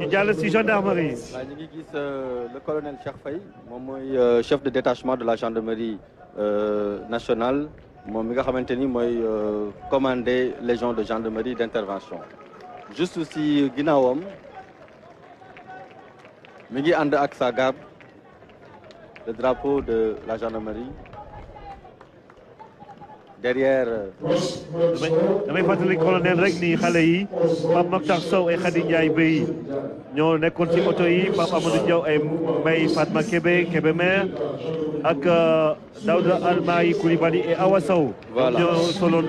ñu jàll si gendarmerie. waaw ñu ngi gis euh, le colonel Cheikh Faye moom mooy euh, chef de détachement de la gendarmerie euh, nationale moom mi nga xamante ni mooy commandé légion de gendarmerie d' intervention. juste si ginnaawam mi ngi ànd ak sa garde le drapeau de la gendarmerie. derrière. damay damay fàttali colonel rek ni xale yi Pape Makhtar Sow ay Khady Ndiaye Bey ñoo nekkoon ci oto yi Pape Amadou Diaw ay Mbaye Fatma Kébé Kébémer ak euh, Daouda Almayi Koulibaly et Awa Sow. voilà ñoo soloon.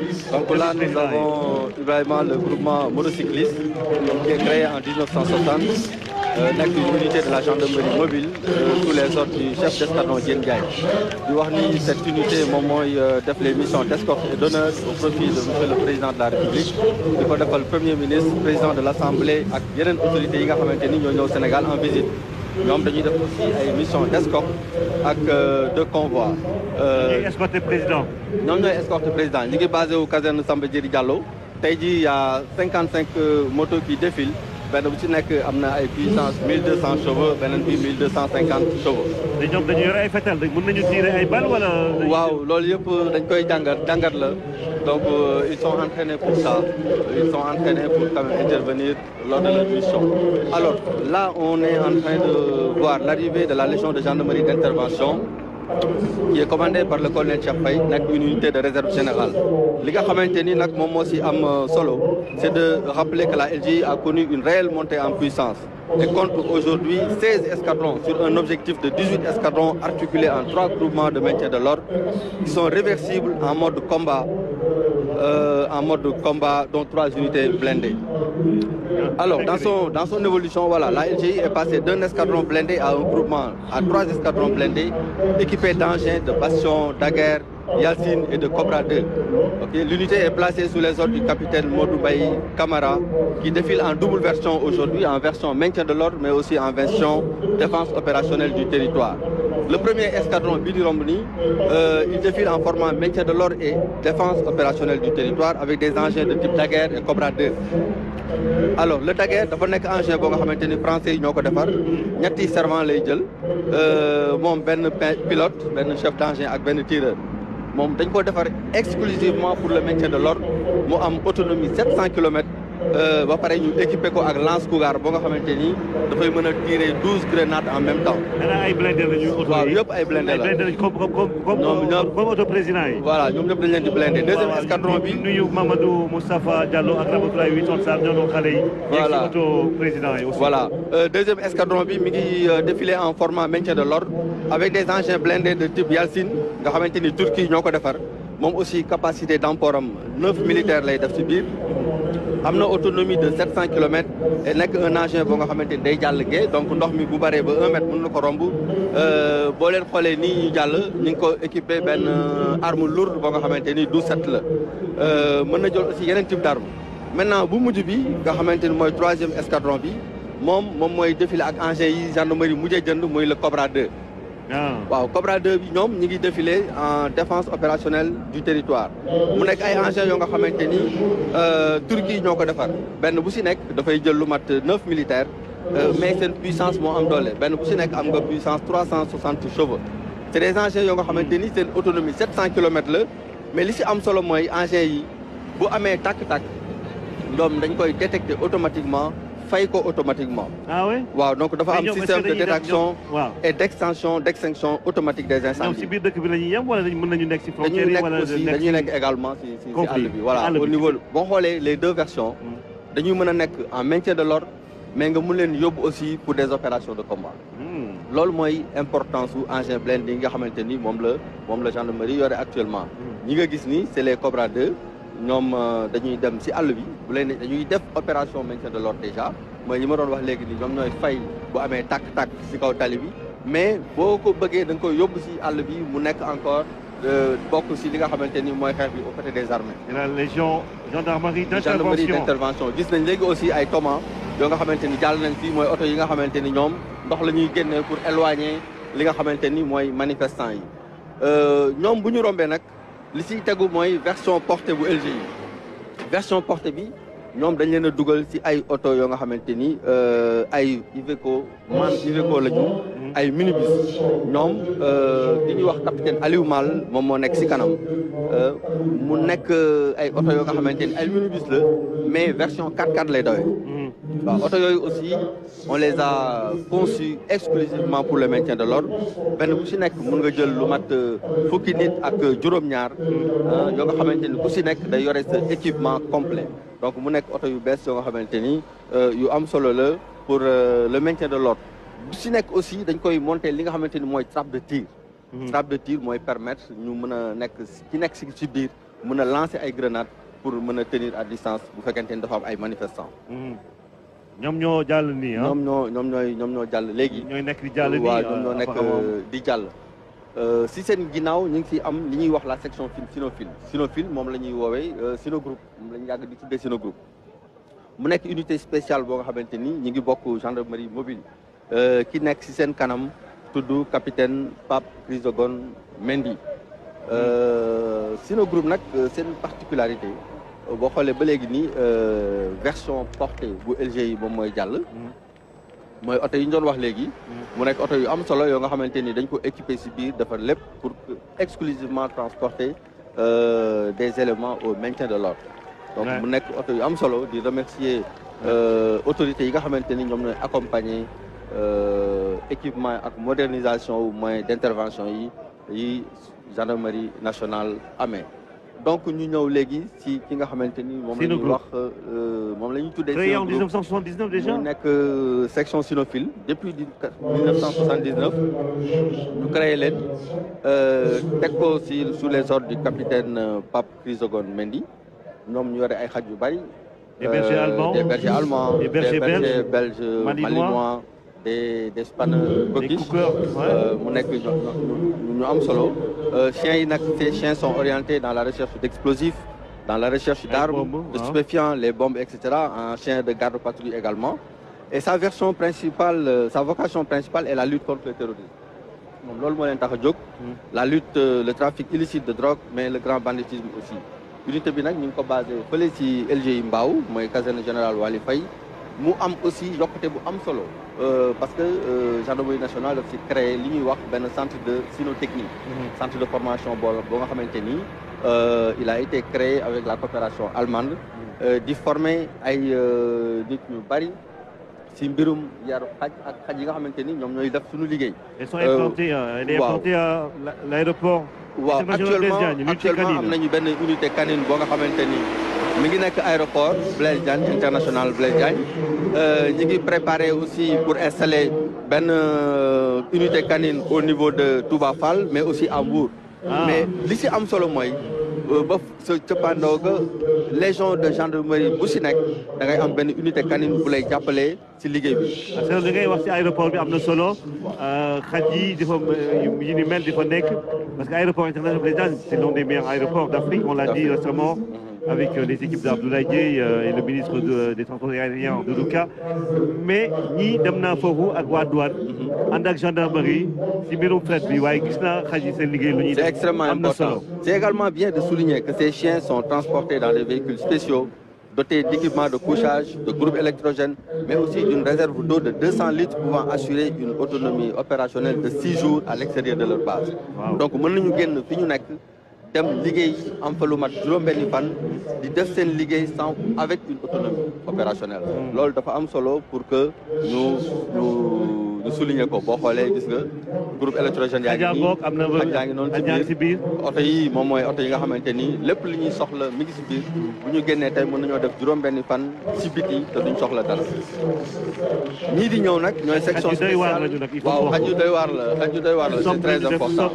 Ibrahima le groupement motocycliste créé en Euh, nekk une unité de la gendarmerie mobile sous euh, les ordres du chef d'escadron Diène Gaye di wax ni cette unité moom mooy euh, def les missions d'escorte et d'honneur au profit de monsieur président de la République di ko defal premier ministre président de l'Assemblée ak yeneen autorités yi nga xamante ni ñoo ñëw Sénégal en visite ñoom dañuy def aussi ay mission d'escorte ak de convoi. ñooy escorte président. ñoom ñooy escorte président ñu ngi basé wu caserne Samba Diéry Diallo tey jii y a 55 motos qui défilent. benn bu ci nekk am na ay puissance 1200 chevaux beneen bi 1250 chevaux. te ñoom dañu yore ay fetal mën nañu tirer ay bal wala. waaw loolu yëpp dañ koy jàngat jàngat la donc euh, ils sont entraînés pour ça ils sont entraînés pour quand même intervenir lors de leur mission. alors là on est en train de l'arrivée de la légion de gendarmerie d'intervention. qui est commandé par le colonel Chapay nekk une unité de réserve générale li nga xamante ni nag moom moo si am euh, solo c'est de rappeler que la LGI a connu une réelle montée en puissance et compte aujourd'hui 16 escadrons sur un objectif de 18 escadrons articulés en trois groupements de maintien de l'ordre qui sont réversibles en mode combat euh, en mode combat dont trois unités blindées Alors, dans son, dans son évolution, voilà, la LGI est passée d'un escadron blindé à un groupement, à trois escadrons blindés, équipés d'engins, de bastions, daguerres, Yacine et de Cobra 2. Okay. L'unité est placée sous les ordres du capitaine Modoubaï Kamara, qui défile en double version aujourd'hui, en version maintien de l'ordre, mais aussi en version défense opérationnelle du territoire. Le premier escadron Bidiromni, euh, il défile en format maintien de l'ordre et défense opérationnelle du territoire avec des engins de type Daguerre et Cobra 2. alors le Daguerre dafa nekk engin boo nga xamante ni français yi ñoo ko defar ñetti servant lay jël euh, moom benn pilote benn chef d'engin ak benn tireur moom dañ ko defar exclusivement pour le maintien de l'ordre mu am autonomie 700 kilomètres Euh, ba pare ñu équipé ko ak lance cougar boo nga xamante ni dafay mën a tirer douze grenades en même temps. danaa ay blindé la ñuy deuxième escadron bi. nuyu Mamadou Moustapha Diallo ak Ramatoulaye Witon Sarr ñoo doon xale yi. voilà yegg si oto euh, deuxième escadron bi mi ngi euh, défilé en format maintien de l'ordre avec des engins blindés de type Yalcin nga xamante ni Turquie ñoo ko defar moom aussi capacité d'emport am neuf militaires lay def si biir. am na autonomie de 700 kilomètres et nekk un engin boo nga xamante ni day jàll gee donc ndox mi bu bëree ba 1 mètre na ko romb euh, boo leen xoolee nii jàll ñu ngi ko équipé benn euh, arme lourde boo nga xamante ni du set la euh, mën na jël aussi yeneen type d' arme maintenant bu mujj bi nga xamante ni mooy troisième escadron bi moom moom mooy défilé ak engin yi gendarmerie mujjee jënd muy le Cobra 2 Ah. waaw Cobra 2 bi ñoom ñi ngi défilé en défence opérationnelle du territoire mu nekk ay engins yoo nga xamante ni euh, Turquie ñoo ko defar benn bu si nekk dafay jël lu mat neuf militaires euh, mais seen puissance moo am doole benn bu si nekk am nga puissance trois cent soixante chevaux c'est des engins yoo nga xamante ni seen autonomie sept cent kilomètres la mais li si am solo mooy engins yi bu amee tàkk-tàkk ñoom dañ koy détecter automatiquement fay ko automatiquement. ah oui waaw donc dafa am système de détection et d' extension d' extinction automatique des incendies. bi la ñuy yem wala mën nañu nekk si frontière yi wala dañuy nekk dañuy nekk également si si àll bi. voilà au niveau boo les deux versions. Hmm. dañuy mën a nekk en maintien de l'ordre mais nga mu leen yóbbu aussi pour des opérations de combat. Hmm. loolu mooy importance su engin blindé yi nga xamante ni moom la moom la gendarmerie yore actuellement. Hmm. ñi nga gis ni c' est les Cobra ñoom euh, dañuy dem si àll bi bu leen dañuy def opération maintien de l'ordre déjà mooy li ma doon wax léegi nii ñoom ñooy fay bu amee tàkk-tàkk si kaw tali bi mais boo ko bëggee da nga koy yóbbu si àll bi mu nekk encore euh, bokk si li nga xamante ni mooy xeex bi au côté des armées. et la légion gendarmerie d'intervention gis ay toman yoo xamante ni jàll nañ fii mooy oto yi nga xamante ni ñoom ndox la ñuy génnee pour éloigner li nga xamante ni mooy manifestant yi euh, ñoom bu ñu rombee nag. li siy tegu mooy version portée bu LG yi version portée bi ñoom dañ leen a dugal si ay oto yoo nga xamante ni euh, ay Iveco man Iveco la ay minibus ñoom di euh, ñuy wax capitaine Aliou moom moo nekk si kanam euh, mu nekk ay oto yoo nga xamante ni ay minibus la mais version 4 x lay dawee waaw yooyu aussi on les a conçus exclusivement pour le maintien de l'ordre benn bu si nekk mun nga jël lu mat euh, fukki nit ak juróom-ñaar euh, yoo nga xamante ni ku si nekk day yore sa équipement complet donc mu nekk oto yu bees yoo nga xamante ni euh, yu am solo la pour le maintien de l'ordre bu si nekk aussi dañ koy monter li nga xamante ni mooy trappe de tir mhm. trappe de tir mooy permettre ñu mën a nekk ci nekk si si biir mën a lancer ay grenades pour mën a tenir à distance bu fekkente ni dafa am ay manifestants mhm. ñoom ñoo jàll nii ah. ñoo ñoom ñooy ñoom ñoo jàll léegi. ñooy nekk di jàll nii waaw ah, ñoom ñoo nekk di jàll. Euh, si seen ginnaaw ñu ngi si am li ñuy wax la section film Cinofil Cinofil moom la ñuy woowee Cinogroupe euh, moom la ñuy yàgg di tuddee Cinogroupe. mu nekk unité spéciale boo nga xamante ni ñu ngi bokk gendarmerie mobile. Euh, ki nekk si seen kanam tudd capitaine Pape Chrysogone Mendy. Cinogroupe nag seen particularité. boo xoolee ba léegi nii euh, version porté bu LG yi moom mooy jàll. Mm-hmm. mooy oto yi ñu doon wax léegi. Mm-hmm. mu nekk oto yu am solo yoo nga xamante ni dañ ko équipé si biir defar lépp pour exclusivement transporter euh, des éléments au maintien de l'ordre donc mu nekk oto yu am solo di remercier euh, autorités yi nga xamante ni ñoom ñooy accompagner équipement ak modernisation moyens d'intervention yi yi gendarmerie nationale amee. donc ñu ñëw léegi si ki nga xamante ni moom la ñuy euh, moom la ñuy tuddee créé en 1979 déjà mu nekk euh, section cynophile depuis 1979 ñu créé leen euh, teg ko si sous les ordres du capitaine Pape Chrysogone Mendy ñu yore ay xaj yu bari des bergers des des spanners bockish euh, mu nekk ñu am solo euh, chiens yi nag ces chiens sont orientés dans la recherche d'explosifs dans la recherche d'armes de stupéfiants les bombes et cetera un chien de garde patrouille également et sa version principale euh, sa vocation principale est la lutte contre le terrorisme moom loolu moo leen tax a jóg hmm. la lutte le trafic illicite de drogue mais le grand banditisme aussi unité bi nag ñu ngi ko basé fële ci LGI Mbao mooy caserne générale Wali Faye mu am aussi yokkute bu am solo euh, parce que euh, gendarmerie nationale daf si créé li ñuy wax benn centre de cynotechnie mhm. centre de formation boo boo nga xamante ni euh, il a été créé avec la coopération allemande mhm. di former ay nit ñu bari si mbirum yar xaj ak xaj yi nga xamante ni ñoom ñooy def suñu liggéey elles sont implantées elles sont implantées à l'aéroport waaw actuellement actuellement am nañu benn unité canine boo nga xamante ni mi ngi nekk aéroport Blaise Diagne international Blaise Diagne euh, ñi ngi préparé aussi pour installer benn euh, unité canine au niveau de Touba Fall mais aussi à Mbour ah. li si am solo mooy euh, ba sa cëppaandoo ga légion de gendarmerie bu si nekk dangay ngay am benn unité canine bu lay jàppalee si liggéey bi. parce que ngay wax ci aéroport bi am na solo xaj yi di fa yi ni mel di fa nekk parce que aéroport international Blaise Diagne c'est l'un des meilleurs aéroports d'Afrique on l'a dit récemment mm-hmm. avec euh, les équipes d'Abdoulaye euh, et le ministre de, des Transports aériens de Douka. mais ñii dem naa foofu ak waa douane. Mhm. ànd ak gendarmerie si mbirum fret bi waaye gis naa xaj seen liggéey lu ñuy def. c'est extrêmement important c'est également bien de souligner que ces chiens sont transportés dans des véhicules spéciaux dotés d'équipements de couchage, de groupes électrogènes, mais aussi d'une réserve d'eau de 200 litres pouvant assurer une autonomie opérationnelle de 6 jours à l'extérieur de leur base. Wow. Donc, nous avons dem liggéey am fa lu mat juróom-benni fan di def seen liggéey sans avec une autonomie opérationnelle hmm. loolu dafa am solo pour que ñu ñu ñu souligner ko boo xoolee gis nga groupe électrogène yaa ngi nii ak yaa ngi noonu ci biir oto yi moom mooy oto yi nga xamante ni lépp li ñuy soxla mi ngi si biir bu ñu génnee tey mën nañoo def juróom benni fan si biti te duñ soxla dara ñii di ñëw nag ñooy section spéciale waaw xaj yu doy waar la xaj yu doy waar la c'est très important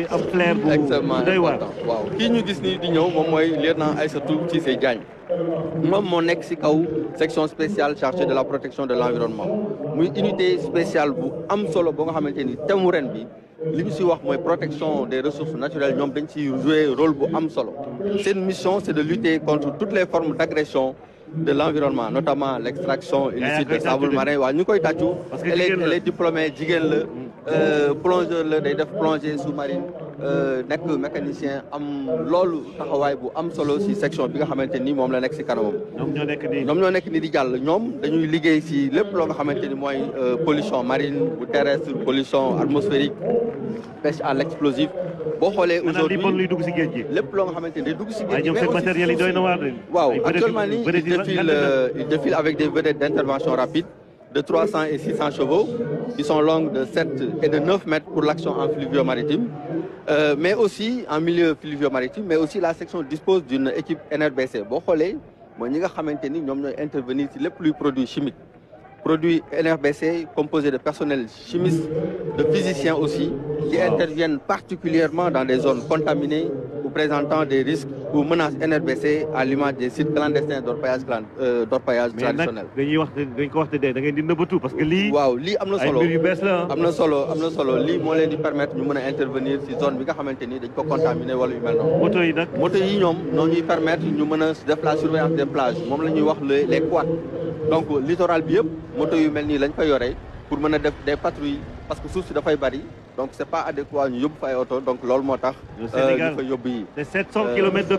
exactement important waaw kii ñu gis nii di ñëw moom mooy lieutenant Aïssatou Cissé Diagne moom moo nekk si kaw section spéciale chargée de la protection de l'environnement muy unité spéciale bu am solo boo nga xamante ni thème ren bi li ñu si wax mooy protection des ressources naturelles ñoom dañ si jouer rôle bu am solo seen mission c'est de lutter contre toutes les formes d'agression de l'environnement notamment l'extraction illicite de sable marin waaw ñu koy tàccu elle est diplômée jigéen la mm. euh, plongeur la day def plongée sous-marine euh, nekk mécanicien am loolu taxawaay bu am solo si section bi nga xamante ni moom la nekk si kanamam ñoom ñoo nekk ni di jàll ñoom dañuy liggéey si lépp loo nga xamante ni mooy euh, pollution marine bu terrestre pollution atmosphérique pêche à l'explosif boo xoolee aujourd'hui li bon luy dugg si géej gi lépp loo xamante ne day dugg si géej gi waaye ñoom seen matériel yi doy na waar waaw actuellement nii euh, il défile avec des vedettes d'intervention rapide de et chevaux qui sont longues de mètres pour l'action en fluvio-maritime euh, mais aussi en milieu fluvio-maritime mais aussi la section dispose d'une équipe NRBC boo xoolee mooy ñi nga xamante ni ñoom ñooy intervenir ci lépp luy produit chimique produit NRBC composé de personnel chimiste de physiciens aussi qui interviennent particulièrement dans des zones contaminées ou présentant des risques ou menaces NRBC à l'image des sites clandestins d'orpaillage clan euh, d'orpaillage de da ngeen parce que lii. Ah. am na solo ay moo leen di permettre mën a intervenir si zone bi nga xamante ni dañ ko contaminé wala yu mel noonu. moto yi ñoom ñoo ñuy permettre ñu mën a def la surveillance des plages moom la wax les les donc littoral bi yëpp moto yu mel nii lañ fa yore pour mën a def des patrouilles parce donc c' est pas adéquat ñu yóbbu fa ay oto donc loolu moo tax. Euh, ñu fa yóbbu yi. les 700 euh, kilomètres de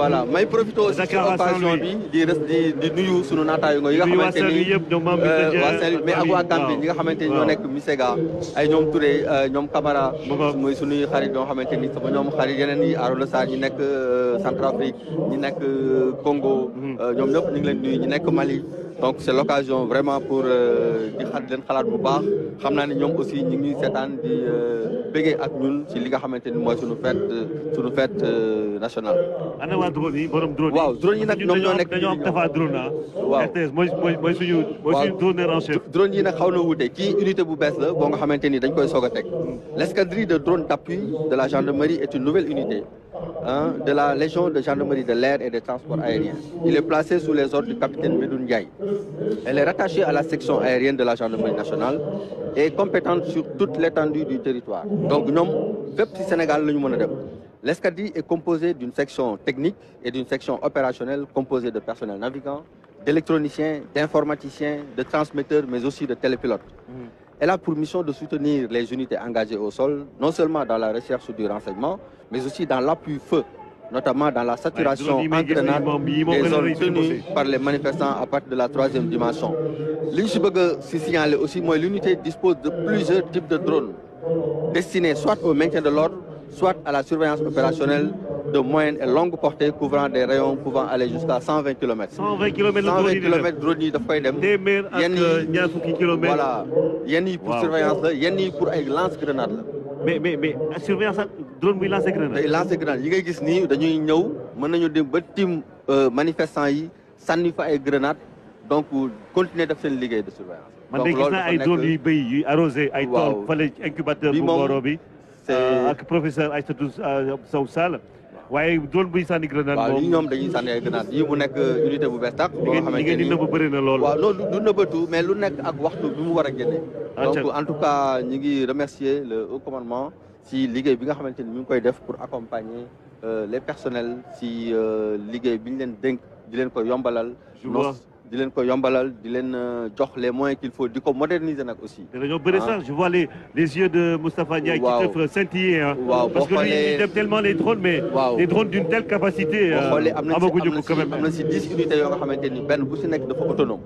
voilà may profité aussi ci occasion bi di res nuyu sunu naataayoo yi nga xamante ni euh, waa Saint-Louis ñi nga xamante ni ñoo nekk Misega ay ñoom Touré ñoom Camara. mooy sunuy xarit yoo xamante ni sama ñoom xarit yeneen yi Arona Sarr ñi nekk Centrafrique ñi nekk Congo. Mhm. ñoom ñëpp ñu ngi leen nuyu ñi nekk Mali. donc c' est vraiment pour euh, di xalaat bu baax xam naa ne ñoom aussi ñu ngi seetaan di euh, bëggee ak ñun ci li nga xamante ni mooy suñu fête euh, suñu fête nationale. ana waa drone yi borom drone yi. waaw ñoo nekk dañoo am dafa drone xaw na wuute ci unité bu bees la boo nga xamante ni dañ koy soog a teg l' escadrille de drone d' appui de la gendarmerie est une nouvelle unité. de la Légion de gendarmerie de l'air et des transports aériens. Il est placé sous les ordres du capitaine Medoun Elle est rattachée à la section aérienne de la gendarmerie nationale et est compétente sur toute l'étendue du territoire. Donc ñoom fépp ci Sénégal la ñu mën a l'escadrille est composée d'une section technique et d'une section opérationnelle composée de personnel navigant, d'électroniciens, d'informaticiens, de transmetteurs, mais aussi de télépilotes. Mm. Elle a pour mission de soutenir les unités engagées au sol, non seulement dans la recherche du notamment dans la saturation entraînante des zones tenues par les manifestants à partir de la troisième dimension. li ñu si bëgg a si signaler aussi mooy l'unité dispose de plusieurs types de drones destinés soit au maintien de l'ordre soit à la surveillance opérationnelle de moyenne et longue portée couvrant des rayons pouvant aller jusqu'à 120 km. 120 km la drone yi di dem 120 km drone yi daf koy dem. téeméer ak ñaar fukki kilomètres yi pour surveillance la yenn yi pour ay lance-grenade la. mais mais surveillance drone buy lancer grenade. day yi ngay gis nii dañuy ñëw mën nañu dem ba tim euh, manifestant yi sànni fa ay grenades donc continuer def seen liggéey de surveillance. man de gis naa ay drone yu béy yu arrosé. ay tool fële incubateur bu Mboro bi. Euh, ak professeur Aïssatou waaye doon buy sànni grenade waaw ñoom dañuy sànni ay grenade yi bu nekk unité bu bees tax boo xamante ni ngeen di nëbb bëri na lool waaw nëbbatu mais lu nekk ak waxtu bi mu war a génne ah, donc en tout cas ñi ngi remercier le haut commandement si liggéey bi nga xamante ni mu ngi koy def pour accompagner euh, les personnels si euh, liggéey bi ñu leen dénk di leen ko yombalal di leen ko yombalal di leen euh, jox les moyens qu'il faut di ko moderniser nag aussi. mais dañoo bëri sax ah. je vois les les yeux de Moustapha Ndiaye. waaw qui peuvent scintiller ah. waaw parce que lui il aime tellement les drones mais. waaw des drones d'une telle capacité. Euh, amaguñu ko quand même am na si am na si dix unités yoo nga xamante ni benn bu si nekk dafa autonome.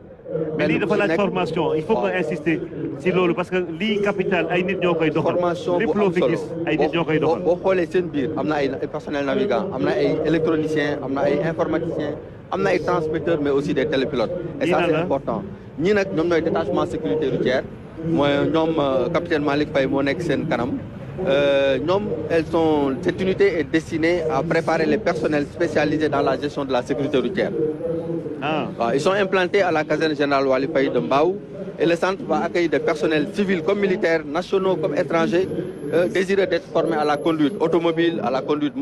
mais lii dafa laaj formation il faut que insister si loolu parce que lii capital ay nit ñoo koy doxal. formation bu am solo ay nit ñoo koy doxal. boo boo xoolee seen biir am na ay personnel navigant am na ay électroniciens am na ay informaticiens. am na ay transmetteurs mais aussi des télépilotes. et ça c'est important ñii nag ñoom ñooy détachement sécurité routière. mooy ñoom euh, capitaine Malick Faye moo nekk seen kanam. Euh, ñoom elles sont cette unité est destinée à préparer les personnels spécialisés dans la gestion de la sécurité routière. ah waaw ils sont implantés à la caserne générale Waly Faye de Mbao. et le centre va accueillir des personnels civils comme militaires, nationaux comme étrangers, euh, d'être formés à la conduite automobile, à la conduite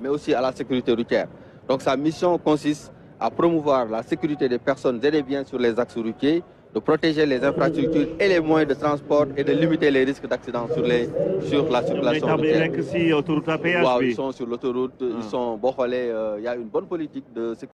mais aussi la sécurité routière. Donc sa mission consiste à promouvoir la sécurité des personnes et des biens sur les axes routiers, de protéger les infrastructures et les moyens de transport et de limiter les risques d'accidents sur, les, sur la circulation routière. l'autoroute, ils ah. sont boo il euh, y a une bonne politique de